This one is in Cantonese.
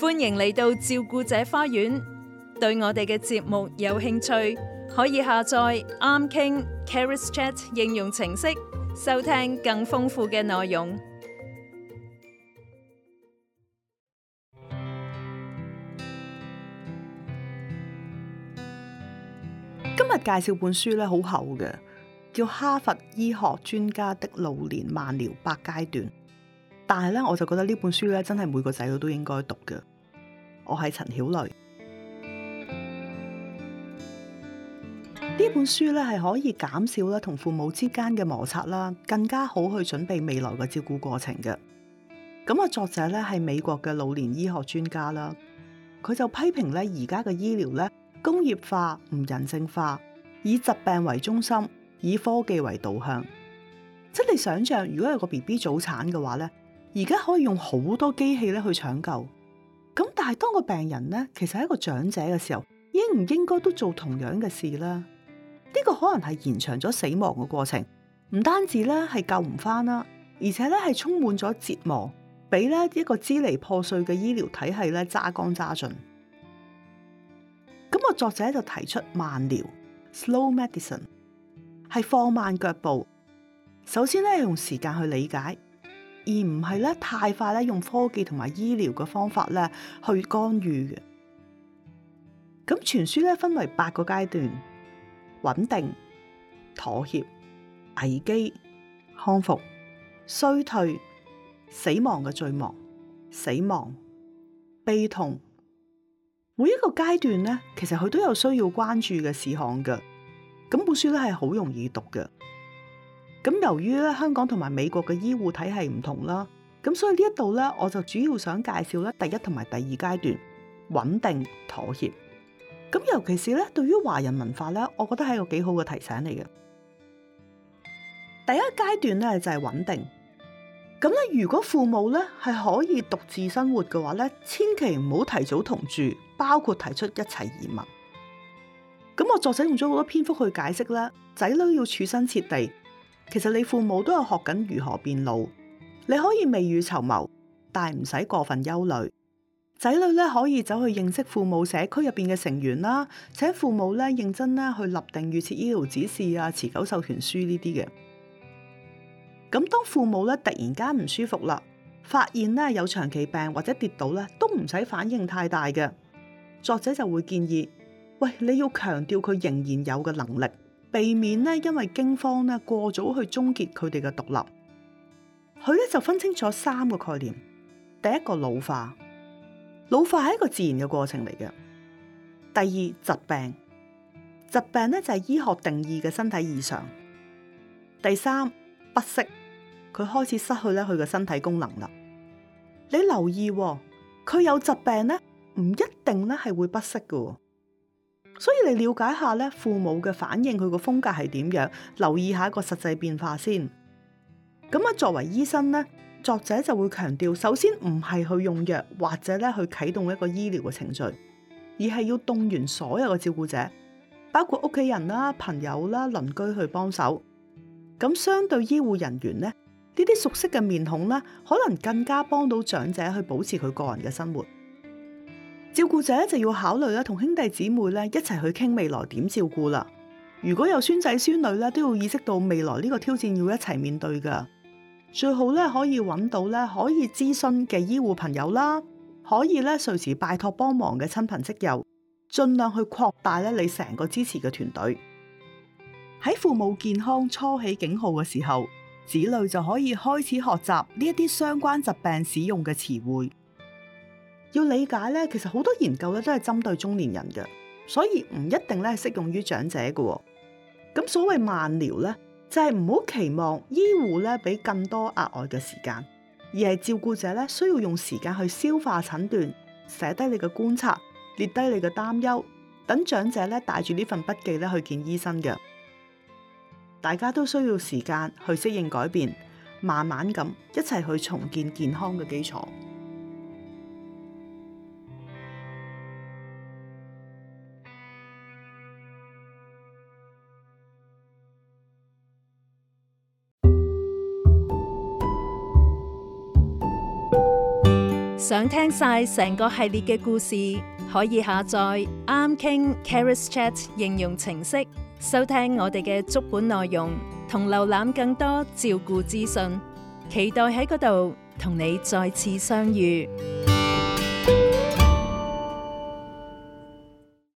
歡迎嚟到照顧者花園，對我哋嘅節目有興趣，可以下載啱傾 CarisChat 應用程式收聽更豐富嘅內容。今日介紹本書咧，好厚嘅，叫《哈佛醫學專家的老年慢療八階段》。但係咧，我就覺得呢本書咧真係每個仔女都應該讀嘅。我係陳曉蕾，呢本書咧係可以減少咧同父母之間嘅摩擦啦，更加好去準備未來嘅照顧過程嘅。咁啊，作者咧係美國嘅老年醫學專家啦，佢就批評咧而家嘅醫療咧工業化唔人性化，以疾病為中心，以科技為導向。即係你想象，如果有個 BB 早產嘅話咧。而家可以用好多機器咧去搶救，咁但係當個病人咧其實係一個長者嘅時候，應唔應該都做同樣嘅事咧？呢個可能係延長咗死亡嘅過程，唔單止咧係救唔翻，啦，而且咧係充滿咗折磨，俾咧一個支離破碎嘅醫療體系咧揸乾揸盡。咁個作者就提出慢療 （slow medicine），係放慢腳步。首先咧係用時間去理解。而唔係咧太快咧用科技同埋醫療嘅方法咧去干預嘅。咁全書咧分為八個階段：穩定、妥協、危機、康復、衰退、死亡嘅罪亡、死亡、悲痛。每一個階段咧,其實佢都有需要關注嘅事項嘅。咁本書咧係好容易讀嘅。咁由於咧香港同埋美國嘅醫護體系唔同啦，咁所以呢一度咧，我就主要想介紹咧第一同埋第二階段穩定妥協。咁尤其是咧，對於華人文化咧，我覺得係一個幾好嘅提醒嚟嘅。第一階段咧就係穩定。咁咧如果父母咧係可以獨自生活嘅話咧，千祈唔好提早同住，包括提出一切移民。咁我作者用咗好多篇幅去解釋啦，仔女要設身處地。其實你父母都有學緊如何變老，你可以未雨綢繆，但係唔使過分憂慮。仔女咧可以走去認識父母社區入邊嘅成員啦，請父母咧認真咧去立定預設醫療指示啊、持久授權書呢啲嘅。咁當父母咧突然間唔舒服啦，發現咧有長期病或者跌倒咧，都唔使反應太大嘅。作者就會建議：喂，你要強調佢仍然有嘅能力。避免咧，因為驚慌咧過早去終結佢哋嘅獨立，佢咧就分清楚三個概念：第一個老化，老化係一個自然嘅過程嚟嘅；第二疾病，疾病咧就係醫學定義嘅身體異常；第三不適，佢開始失去咧佢嘅身體功能啦。你留意，佢有疾病咧，唔一定咧係會不適㗎。所以你了解下咧，父母嘅反應佢個風格係點樣，留意下一個實際變化先。咁啊，作為醫生咧，作者就會強調，首先唔係去用藥或者咧去啟動一個醫療嘅程序，而係要動員所有嘅照顧者，包括屋企人啦、朋友啦、鄰居去幫手。咁相對醫護人員咧，呢啲熟悉嘅面孔可能更加幫到長者去保持佢個人嘅生活。照顧者就要考慮咧，同兄弟姊妹咧一齊去傾未來點照顧啦。如果有孫仔孫女咧，都要意識到未來呢個挑戰要一齊面對噶。最好咧可以揾到咧可以諮詢嘅醫護朋友啦，可以咧隨時拜託幫忙嘅親朋戚友，盡量去擴大咧你成個支持嘅團隊。喺父母健康初起警號嘅時候，子女就可以開始學習呢一啲相關疾病使用嘅詞彙。要理解咧，其實好多研究咧都係針對中年人嘅，所以唔一定咧係適用於長者嘅。咁所謂慢療咧，就係唔好期望醫護咧俾更多額外嘅時間，而係照顧者咧需要用時間去消化診斷，寫低你嘅觀察，列低你嘅擔憂，等長者咧帶住呢份筆記咧去見醫生嘅。大家都需要時間去適應改變，慢慢咁一齊去重建健康嘅基礎。想聽晒成個系列嘅故事，可以下載《啱傾 Careers Chat》應用程式，收聽我哋嘅足本內容，同瀏覽更多照顧資訊。期待喺嗰度同你再次相遇。